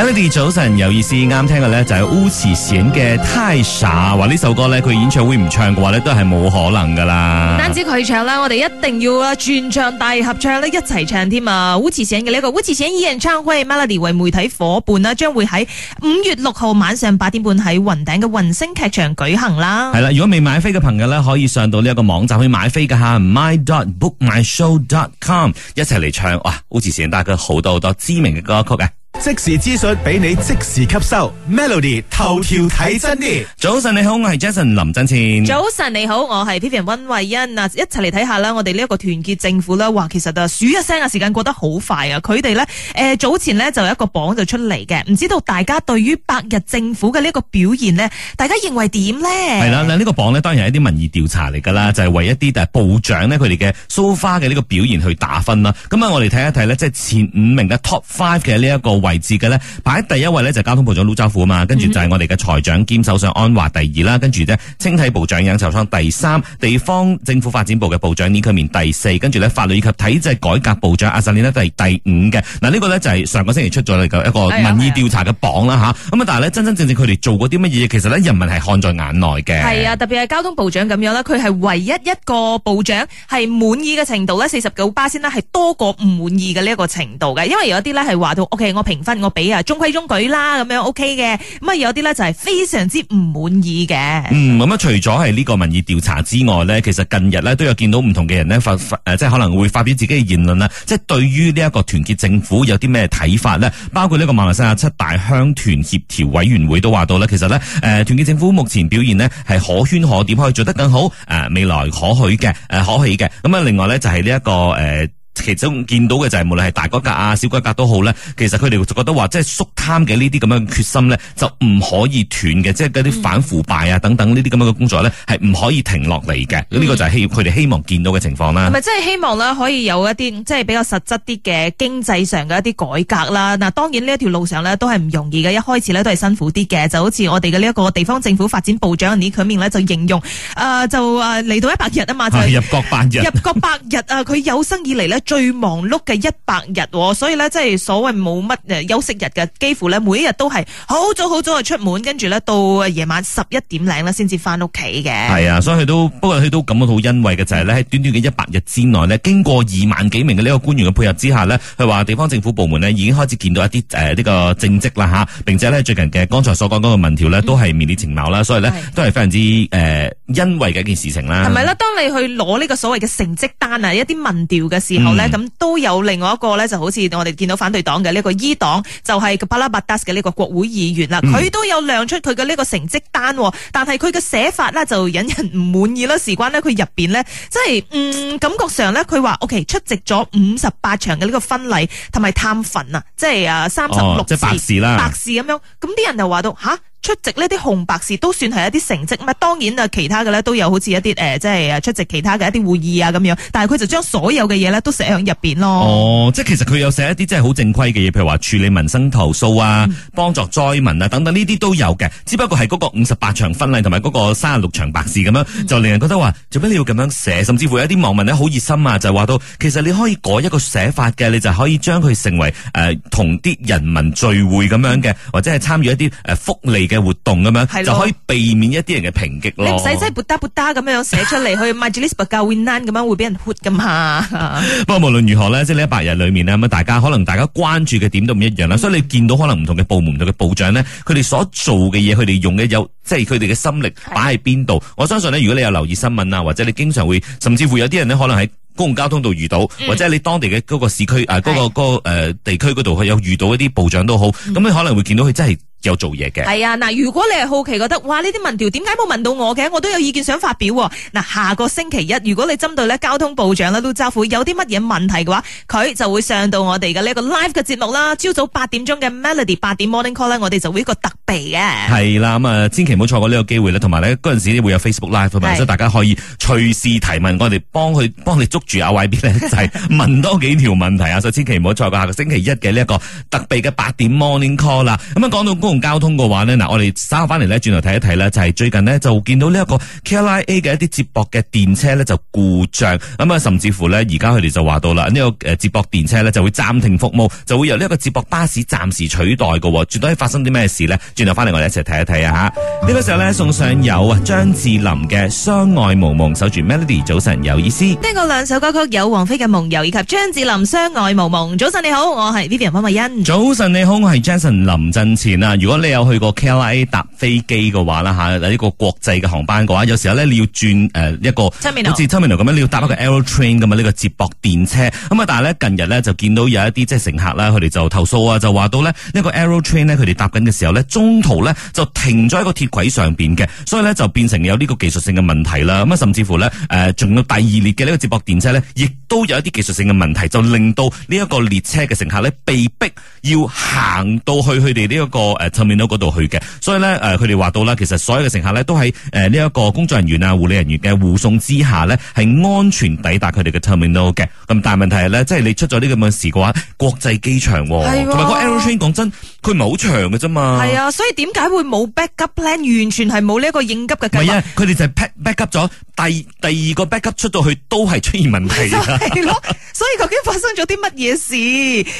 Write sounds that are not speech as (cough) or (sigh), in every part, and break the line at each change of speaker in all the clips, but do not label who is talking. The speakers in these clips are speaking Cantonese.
Melody 早晨有意思，啱聽嘅咧就係巫啟賢嘅《太傻》，話呢首歌咧佢演唱會唔唱嘅話咧都係冇可能噶啦。唔單
止佢唱啦，我哋一定要啊全唱大合唱咧一齊唱添啊！巫啟賢嘅呢一個巫啟賢演唱會，Melody 為媒體夥伴啦，將會喺五月六號晚上八點半喺雲頂嘅雲星劇場舉行啦。係啦，
如果未買飛嘅朋友咧，可以上到呢一個網站去買飛噶吓，my.bookmyshow.com，一齊嚟唱哇！巫啟賢帶佢好多好多知名嘅歌曲嘅，啊。即時資訊俾你即時吸收，Melody 頭條睇真啲。早晨你好，我係 Jason 林振前。早
晨你好，我係 Pivian 溫慧欣。嗱，一齊嚟睇下啦，我哋呢一個團結政府啦，話其實啊數一聲啊，時間過得好快啊。佢哋呢，誒、呃、早前呢就有一個榜就出嚟嘅，唔知道大家對於百日政府嘅呢個表現呢，大家認為點呢？係啦，
嗱、這、呢個榜呢當然係一啲民意調查嚟噶啦，就係、是、為一啲誒部長呢佢哋嘅 so far 嘅呢個表現去打分啦。咁啊，我哋睇一睇呢，即係前五名咧 Top Five 嘅呢一個位。位置嘅排喺第一位呢就是，交通部長陸兆福嘛，跟住就係我哋嘅財長兼首相安華第二啦，跟住青體部長楊巧雙第三，地方政府發展部嘅部長倪可敏第四，跟住法律以及體制改革部長阿莎麗娜係第，第五嘅。嗱、啊這個，呢個就係，是，上個星期出咗嚟嘅一個民意調查嘅榜啦，吓、哎、咁啊，啊！但係真真正正佢哋做過啲乜嘢，其實呢人民係看在眼內嘅。係啊，
特別係交通部長咁樣啦，佢係唯一一個部長係滿意嘅程度咧，四十九巴仙係多過唔滿意嘅呢一個程度嘅。因為有啲咧係話到，OK，我平分我俾啊，中規中矩啦，咁樣 OK 嘅。咁啊，有啲咧就係非常之唔滿意嘅。
嗯，咁啊，除咗係呢個民意調查之外咧，其實近日咧都有見到唔同嘅人咧發誒，即係可能會發表自己嘅言論啦。即係對於呢一個團結政府有啲咩睇法咧？包括呢個馬來西亞七大鄉團協調委員會都話到咧，其實咧誒，團結政府目前表現呢係可圈可點，可以做得更好。誒，未來可許嘅，誒，可喜嘅。咁啊，另外咧就係呢一個誒。呃其中見到嘅就係、是、無論係大改革啊、小改革都好咧，其實佢哋就覺得話即係縮貪嘅呢啲咁樣嘅決心咧，就唔可以斷嘅、嗯，即係嗰啲反腐敗啊等等呢啲咁樣嘅工作咧，係唔可以停落嚟嘅。呢、嗯、這個就係希佢哋希望見到嘅情況啦。唔、
嗯、咪，即係希望咧可以有一啲即係比較實質啲嘅經濟上嘅一啲改革啦。嗱，當然呢一條路上咧都係唔容易嘅，一開始咧都係辛苦啲嘅，就好似我哋嘅呢一個地方政府發展部長喺佢面咧就形容、呃、就誒嚟到一百日啊嘛，啊就入
國百日入
國百日啊，佢有生以嚟咧。 (laughs) 最忙碌嘅一百日，所以咧即係所謂冇乜誒休息日嘅，幾乎咧每一日都係好早好早就出門，跟住咧到夜晚十一點零咧先至翻屋企嘅。係啊，
所以佢都不過佢都感到好欣慰嘅，就係咧喺短短嘅一百日之內呢，經過二萬幾名嘅呢個官員嘅配合之下呢，佢話地方政府部門呢已經開始見到一啲誒呢個政績啦吓，並且呢，最近嘅剛才所講到個民調呢，都係面面情貌啦，所以呢，都係非常之誒、呃、欣慰嘅一件事情啦。係咪
呢？當你去攞呢個所謂嘅成績單啊，一啲民調嘅時候。嗯咧、嗯、咁都有另外一個咧，就好似我哋見到反對黨嘅呢、呢個伊黨，就係、是、巴拉巴達斯嘅呢個國會議員啦。佢、嗯、都有亮出佢嘅呢個成績單，但係佢嘅寫法咧就引人唔滿意啦。事關咧佢入邊咧，即係嗯感覺上咧，佢話 OK 出席咗五十八場嘅呢個婚禮同埋探墳啊，即係啊三十六次白事啦，白事咁樣，咁啲人就話到吓！出席呢啲紅白事都算係一啲成績，咪當然啊，其他嘅咧都有好似一啲誒、呃，即係誒出席其他嘅一啲會議啊咁樣，但係佢就將所有嘅嘢咧都寫喺入邊咯。
哦，即係其實佢有寫一啲即係好正規嘅嘢，譬如話處理民生投訴啊，幫助災民啊等等呢啲都有嘅，只不過係嗰個五十八場婚禮同埋嗰個三十六場白事咁樣，就令人覺得話做咩你要咁樣寫，甚至乎有一啲網民咧好熱心啊，就話、係、到其實你可以改一個寫法嘅，你就可以將佢成為誒同啲人民聚會咁樣嘅，或者係參與一啲誒福利。嘅活動咁樣，就可以避免一啲人嘅抨擊咯。你唔使真係
撥打咁樣寫寫出嚟 (laughs) 去。Madalisa
教 Winan 咁樣會俾人 hot 噶嘛？ (laughs) 不過無論如何呢，即係呢一百日裏面呢，大家可能大家關注嘅點都唔一樣啦，嗯。所以你見到可能唔同嘅部門，嗯，同嘅部長呢，佢哋所做嘅嘢，佢哋用嘅有即係佢哋嘅心力擺喺邊度。我相信呢，如果你有留意新聞啊，或者你經常會，甚至乎有啲人呢，可能喺公共交通度遇到，嗯，或者你當地嘅嗰個市區嗰，嗯啊嗰個，嗰個誒、呃、地區嗰度，佢有遇到一啲部長都好，咁，嗯嗯，你可能會見到佢真係。有做嘢嘅，係
啊嗱，如果你係好奇覺得，哇呢啲民調點解冇問到我嘅？我都有意見想發表、啊。嗱，下個星期一，如果你針對咧交通部長咧陸兆福有啲乜嘢問題嘅話，佢就會上到我哋嘅呢個 live 嘅節目啦。朝早八點鐘嘅 Melody 八點 Morning Call 咧，我哋就會一個特備嘅係
啦。咁啊，千祈唔好錯過呢個機會啦。同埋呢，嗰陣時會有 Facebook Live，所以大家可以隨時提問，我哋幫佢幫你捉住阿 YB 呢，就係、是、問多幾條問題啊。 (laughs) 所以千祈唔好錯過下個星期一嘅呢一個特備嘅八點 Morning Call 啦。咁啊，講到公共交通嘅話呢，嗱，我哋收翻嚟咧，轉頭睇一睇呢，就係最近呢，就見到呢一個 KLIA 嘅一啲接駁嘅電車呢，就故障，咁啊，甚至乎呢，而家佢哋就話到啦，呢個誒接駁電車咧就會暫停服務，就會由呢一個接駁巴士暫時取代嘅，絕對發生啲咩事呢？轉頭翻嚟我哋一齊睇一睇啊！吓，呢個時候呢，送上有張智霖嘅《相愛無夢》，守住 Melody，早晨有意思。
聽過兩首歌曲，有王菲嘅《夢遊》以及張智霖《相愛無夢》。早晨你好，我係 Vivian 方慧欣。
早晨你好，我係 Jason 林振前啊。如果你有去過 KLIA 搭飛機嘅話啦嚇，喺一個國際嘅航班嘅話，有時候咧你要轉誒、呃、一個好似 Chamino 咁樣，你要搭一個 Aerotrain 咁啊呢個接駁電車。咁、嗯、啊，但係咧近日咧就見到有一啲即係乘客啦，佢哋就投訴啊，就話到、這個、呢呢個 Aerotrain 咧佢哋搭緊嘅時候咧，中途咧就停咗喺個鐵軌上面嘅，所以咧就變成有呢個技術性嘅問題啦。咁啊，甚至乎咧誒仲有第二列嘅呢個接駁電車咧，亦都有一啲技術性嘅問題，就令到呢一個列車嘅乘客咧被逼要行到去佢哋呢一個、呃 terminal 嗰度去嘅，所以咧誒，佢哋話到啦，其實所有嘅乘客咧都喺誒呢一個工作人員啊、護理人員嘅護送之下咧，係安全抵達佢哋嘅 terminal 嘅。咁但係問題係咧，即係你出咗呢咁嘅事嘅話，國際機場同埋個 airtrain 講真，佢唔係好長嘅啫嘛。係啊，
所以點解會冇 backup plan？完全係冇呢一個應急嘅計劃。
唔係啊，佢哋就係 pack backup 咗第第二個 backup 出到去都係出現問題
啦。係咯，所以究竟發生咗啲乜嘢事？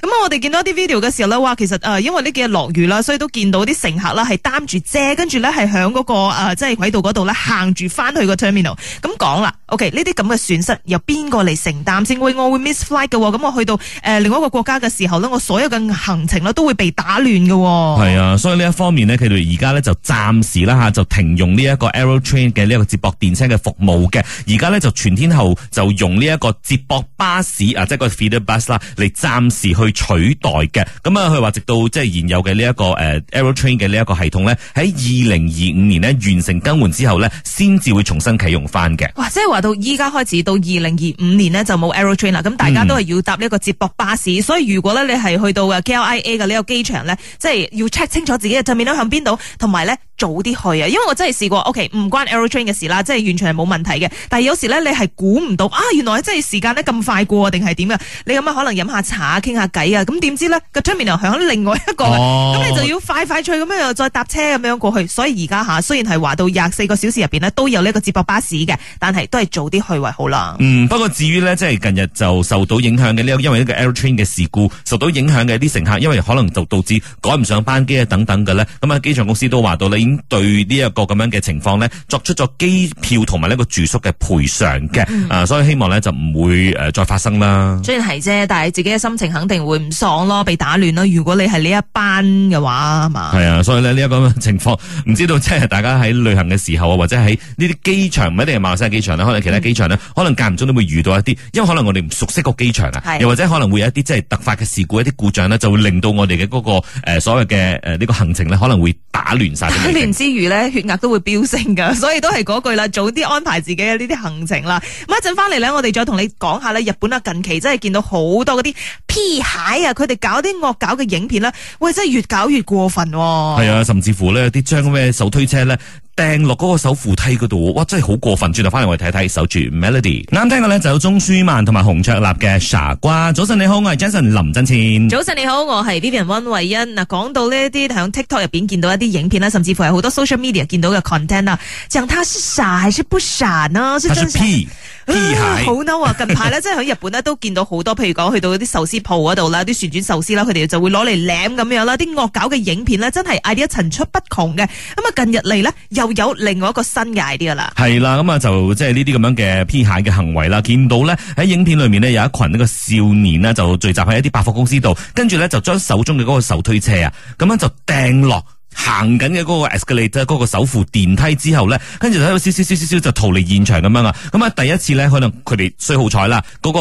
咁啊，我哋見到一啲 video 嘅時候咧，話其實誒，因為呢幾日落雨啦，所以都。見到啲乘客啦，係擔住遮，跟住咧係喺嗰個即係、呃就是、軌道嗰度咧行住翻去個 Terminal。咁講啦，OK，呢啲咁嘅損失由邊個嚟承擔先？喂，我會 miss flight 嘅，咁我去到誒、呃、另外一個國家嘅時候咧，我所有嘅行程咧都會被打亂嘅。
係啊，所以呢一方面咧，佢哋而家咧就暫時啦嚇，就停用呢一個 Aerotrain 嘅呢個接駁電車嘅服務嘅。而家咧就全天候就用呢一個接駁巴士啊，即係個 feeder bus 啦，嚟暫時去取代嘅。咁啊，佢話直到即係現有嘅呢一個誒。呃 Aerotrain 嘅呢一個系統咧，喺二零二五年咧完成更換之後咧，先至會重新啟用翻嘅。哇！
即係話到依家開始到二零二五年咧就冇 Aerotrain 啦，咁大家都係要搭呢一個接駁巴士，嗯。所以如果咧你係去到嘅 KLIA 嘅呢個機場咧，即係要 check 清楚自己嘅就面都向邊度，同埋咧，早啲去啊，因為我真係試過，OK 唔關 Aerotrain 嘅事啦，即係完全係冇問題嘅。但係有時咧，你係估唔到啊，原來即係時間咧咁快過定係點啊？你咁樣可能飲下茶、傾下偈啊，咁點知咧個 train 又響另外一個，咁、哦、你就要快快脆咁樣又再搭車咁樣過去。所以而家吓雖然係話到廿四個小時入邊呢，都有呢個接駁巴士嘅，但係都係早啲去為好啦、嗯。
不過至於呢，即係近日就受到影響嘅呢，因為呢個 Aerotrain 嘅事故受到影響嘅啲乘客，因為可能就導致趕唔上班機啊等等嘅咧，咁啊機場公司都話到對呢一個咁樣嘅情況呢，作出咗機票同埋呢個住宿嘅賠償嘅。啊、嗯呃，所以希望呢就唔會誒再發生啦。
雖然係啫，但係自己嘅心情肯定會唔爽咯，被打亂囉。如果你係呢一班嘅話，係嘛？係
啊，所以呢，呢一個咁嘅情況，唔知道即係大家喺旅行嘅時候啊，或者喺呢啲機場，唔一定係馬來西亞機場啦、嗯，可能其他機場呢，可能間唔中都會遇到一啲，因為可能我哋唔熟悉個機場啊，又或者可能會有一啲即係突發嘅事故、一啲故障呢，就會令到我哋嘅嗰個誒、呃、所謂嘅誒呢個行程呢，可能會打亂晒。
(laughs) 之餘咧，血壓都會飆升噶，所以都係嗰句啦，早啲安排自己嘅呢啲行程啦。咁一陣翻嚟咧，我哋再同你講下咧，日本啊近期真係見到好多嗰啲 P 蟹啊，佢哋搞啲惡搞嘅影片啦，喂、哎，真係越搞越過分，啊。係啊，
甚至乎呢啲將咩手推車咧。掟落嗰個手扶梯嗰度，哇！真係好過分。轉頭翻嚟我哋睇睇守住 Melody。啱聽嘅咧就有鐘舒漫同埋洪卓立嘅傻瓜。早晨你好，我係 Jason 林振千。早
晨你好，我係 Vivian 温慧欣。嗱，講到呢啲響 TikTok 入邊見到一啲影片啦，甚至乎係好多 Social Media 見到嘅 content 像、啊啊 (laughs) 「他是傻還是不傻呢？他是 P
P 係。好
嬲啊！近排咧，即係喺日本呢都見到好多，譬如講去到嗰啲壽司鋪嗰度啦，啲旋轉壽司啦，佢哋就會攞嚟舐咁樣啦。啲惡搞嘅影片咧，真係一層出不窮嘅。咁啊，近日嚟呢。又有另外一
個新嘅 idea 啦，係啦，咁啊就即係呢啲咁樣嘅披蟹嘅行為啦，見到咧喺影片裏面呢，有一群呢個少年呢，就聚集喺一啲百貨公司度，跟住咧就將手中嘅嗰個手推車啊，咁樣就掟落。行緊嘅嗰個 escalator 嗰個手扶電梯之後咧，跟住睇到少少少少少就逃離現場咁樣啊！咁啊第一次咧，可能佢哋衰好彩啦，嗰、那個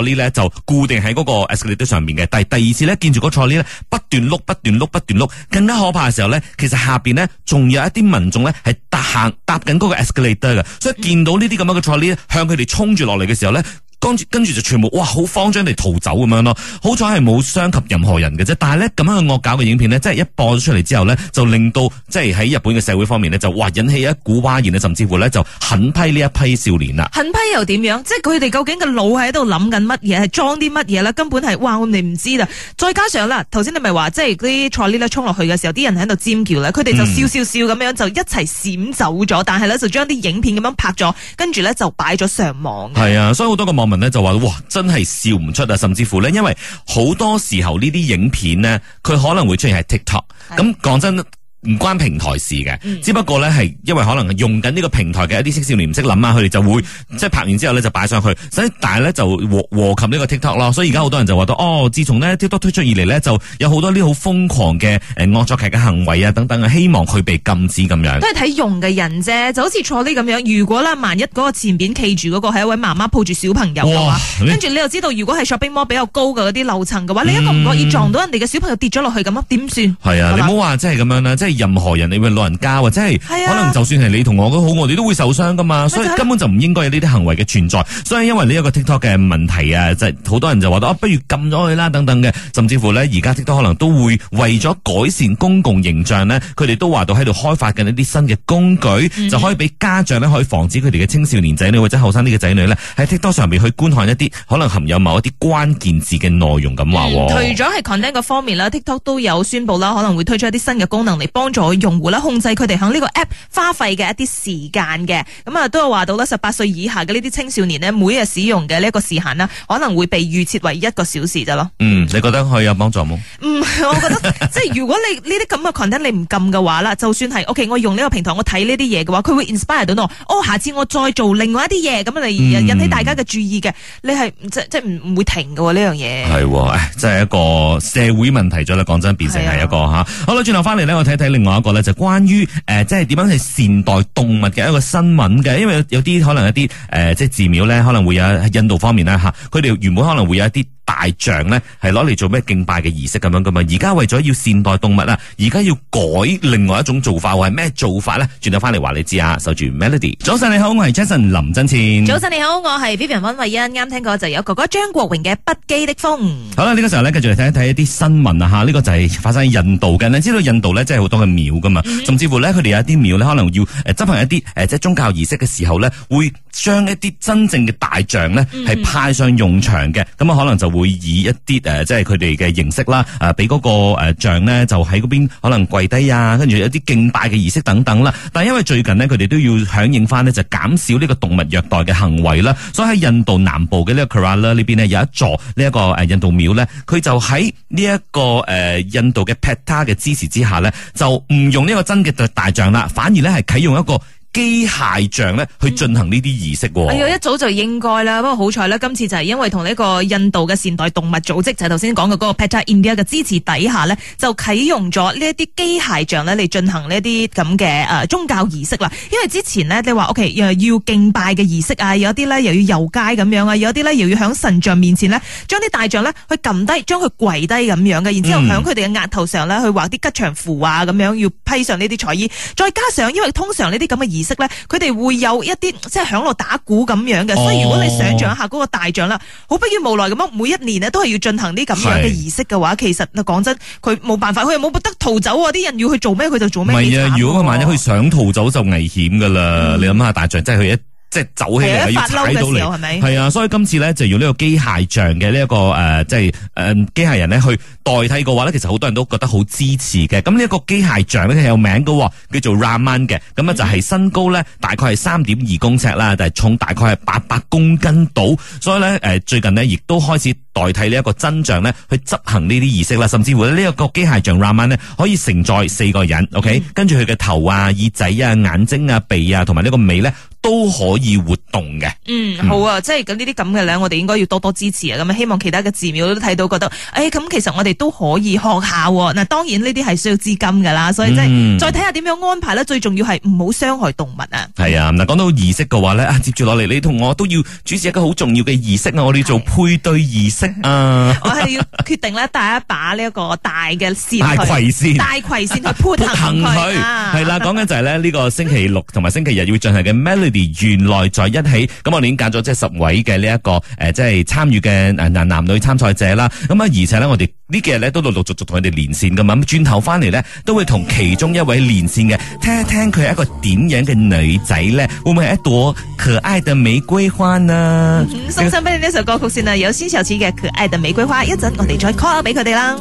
誒 trolley 咧就固定喺嗰個 escalator 上面嘅。但係第二次咧，見住個 trolley 咧不斷碌不斷碌不斷碌，更加可怕嘅時候咧，其實下邊呢仲有一啲民眾咧係搭行搭緊嗰個 escalator 嘅，所以見到呢啲咁樣嘅 trolley 向佢哋衝住落嚟嘅時候咧。跟住跟住就全部哇好慌張地逃走咁樣咯，好彩係冇傷及任何人嘅啫。但係呢咁樣惡搞嘅影片呢，即係一播咗出嚟之後呢，就令到即係喺日本嘅社會方面呢，就哇引起一股譁然，甚至乎咧就狠批呢一批少年啦。
狠批又點樣？即係佢哋究竟個腦喺度諗緊乜嘢，係裝啲乜嘢呢？根本係哇，我哋唔知啦。再加上啦，頭先你咪話即係啲菜鳥咧衝落去嘅時候，啲人喺度尖叫啦，佢哋就笑笑笑咁樣就一齊閃走咗、嗯，但係咧就將啲影片咁樣拍咗，跟住呢就擺咗上網。
係啊，所以好多個網民咧就話哇真係笑唔出啊，甚至乎咧，因為好多時候呢啲影片呢，佢可能會出現喺 TikTok。咁講真。唔關平台事嘅、嗯，只不過咧係因為可能係用緊呢個平台嘅一啲青少年唔識諗啊，佢哋就會即係、嗯就是、拍完之後咧就擺上去，所以但係咧就禍禍，禍及呢個 TikTok 咯。所以而家好多人就話到哦，自從呢 TikTok 推出以嚟呢，就有好多呢好瘋狂嘅呃、惡作劇嘅行為啊等等，希望佢被禁止咁樣。都係
睇用嘅人啫，就好似坐呢咁樣，如果啦萬一嗰個前邊企住嗰個係一位媽媽抱住小朋友嘅話，跟住你，你又知道如果係 Shopping Mall 比較高嘅嗰啲樓層嘅話、嗯，你一個唔覺意撞到人哋嘅小朋友跌咗落去咁，點算？
係啊，你唔好話即係咁樣啦，即、就是任何人，你話老人家或者係可能，就算係你同我都好，我哋都會受傷噶嘛，所以根本就唔應該有呢啲行為嘅存在。所以因為呢有一個 TikTok 嘅問題啊，即係好多人就話到、哦、不如禁咗佢啦等等嘅，甚至乎咧而家 TikTok 可能都會為咗改善公共形象呢，佢哋都話到喺度開發緊一啲新嘅工具、嗯，就可以俾家長咧可以防止佢哋嘅青少年仔女或者後生呢嘅仔女呢，喺 TikTok 上面去觀看一啲可能含有某一啲關鍵字嘅內容咁話、嗯。除
咗係 content 方面啦，TikTok、啊啊啊、都有宣布啦，可能會推出一啲新嘅功能嚟幫。幫助用戶啦，控制佢哋喺呢個 app 花費嘅一啲時間嘅，咁啊，都有話到啦，十八歲以下嘅呢啲青少年呢，每日使用嘅呢一個時限啦，可能會被預設為一個小時啫咯。嗯，
你覺得可以有幫助冇？唔、嗯，我
覺得 (laughs) 即係如果你呢啲咁嘅 content 你唔撳嘅話啦， (laughs) 就算係 O K，我用呢個平台我睇呢啲嘢嘅話，佢會 inspire 到我，哦，下次我再做另外一啲嘢，咁你引起大家嘅注意嘅、嗯，你係即即唔唔會停㗎呢樣嘢。係，誒，
真係一個社會問題咗啦，講真，變成係一個吓、啊。好啦，轉頭翻嚟咧，我睇睇。另外一個咧就關於誒、呃，即係點樣去善待動物嘅一個新聞嘅，因為有啲可能一啲誒、呃，即係寺廟咧，可能會有喺印度方面咧吓，佢哋原本可能會有一啲大象咧係攞嚟做咩敬拜嘅儀式咁樣噶嘛，而家為咗要善待動物啦，而家要改另外一種做法或係咩做法咧，轉頭翻嚟話你知啊，守住 Melody。早晨你好，我係 Jason 林真前。早
晨你好，我係 Vivian 温慧欣。啱聽過就有哥哥張國榮嘅不羈的風。
好啦，呢、這個時候呢，繼續嚟睇一睇一啲新聞啊吓，呢、這個就係發生喺印度嘅，你知道印度咧真係好。個廟噶嘛，甚至乎咧，佢哋有一啲廟咧，可能要誒執行一啲誒即係宗教儀式嘅時候咧，會將一啲真正嘅大象咧係派上用場嘅，咁啊可能就會以一啲誒即係佢哋嘅形式啦，誒俾嗰個誒像咧就喺嗰邊可能跪低啊，跟住一啲敬拜嘅儀式等等啦。但係因為最近呢，佢哋都要響應翻呢，就減少呢個動物虐待嘅行為啦。所以喺印度南部嘅呢 r 一個啦呢邊呢，有一座呢一個誒印度廟咧，佢就喺呢一個誒印度嘅 patta 嘅支持之下咧。.就唔用呢個真嘅大象啦，反而咧，係啟用一個機械象咧去進行呢啲儀式喎。嗯啊，一
早就應該啦，不過好彩啦，今次就係因為同呢個印度嘅善待動物組織，就頭頭先講嘅嗰個 PETA India 嘅支持底下呢就啟用咗呢一啲機械象呢嚟進行呢啲咁嘅宗教儀式啦。因為之前呢，你話，OK，要敬拜嘅儀式啊，有啲呢又要遊街咁樣啊，有啲呢又要喺神像面前呢，將啲大象呢去撳低，將佢跪低咁樣嘅，然之後喺佢哋嘅額頭上呢，去畫啲吉祥符啊，咁樣要披上呢啲彩衣，再加上因為通常呢啲咁嘅儀，識咧，佢哋會有一啲即係響落打鼓咁樣嘅，哦，所以如果你想象一下嗰個大象啦，好不怨無奈咁樣，每一年呢，都係要進行啲咁樣嘅儀式嘅話，其實啊講真，佢冇辦法，佢又冇得逃走啊！啲人要去做咩，佢就做咩。係啊，如果佢萬一佢
想逃走就危險噶啦，你諗下大象即係佢一。即係走起嚟要踩到你係咪？係啊，所以今次咧就用呢個機械象嘅呢一個誒，即係誒機械人咧去代替嘅話咧，其實好多人都覺得好支持嘅。咁呢一個機械象咧係有名嘅，叫做 Raman 嘅。咁啊就係身高咧大概係三點二公尺啦，但係重大概係八百公斤到。所以咧誒、呃，最近呢亦都開始代替增長，呢一個真象咧去執行呢啲儀式啦。甚至乎呢，呢一個機械象 Raman 咧可以承載四個人。OK、嗯、跟住佢嘅頭啊、耳仔啊、眼睛啊、鼻啊同埋呢個尾咧，都可以活動嘅，
嗯，好啊，嗯、即係咁呢啲咁嘅咧，我哋應該要多多支持啊。咁希望其他嘅寺廟都睇到，覺得，唉、哎，咁其實我哋都可以學下、啊。嗱，當然呢啲係需要資金㗎啦，所以即係、嗯、再睇下點樣安排咧。最重要係唔好傷害動物啊。
係啊，嗱，講到儀式嘅話咧，啊，接住落嚟你同我都要主持一個好重要嘅儀式啊，我哋要做配對儀式啊。我係要
決定咧帶一把呢一個大嘅大葵扇，大葵扇，去行佢，
係啦，講緊就係咧呢、這個星期六同埋星期日要進行嘅 m (laughs) 原來在一起，咁我哋已經揀咗即係十位嘅呢一個誒，即係參與嘅誒男男女參賽者啦。咁啊，而且咧，我哋呢幾日咧都陸陸續續同佢哋連線噶嘛，咁轉頭翻嚟咧都會同其中一位連線嘅，聽一聽佢係一個點樣嘅女仔咧，會唔會係一朵可愛的玫瑰花呢？送親
俾你呢首歌曲先啊，有仙小琪嘅《可愛的玫瑰花》，一陣我哋再 call 俾佢哋啦。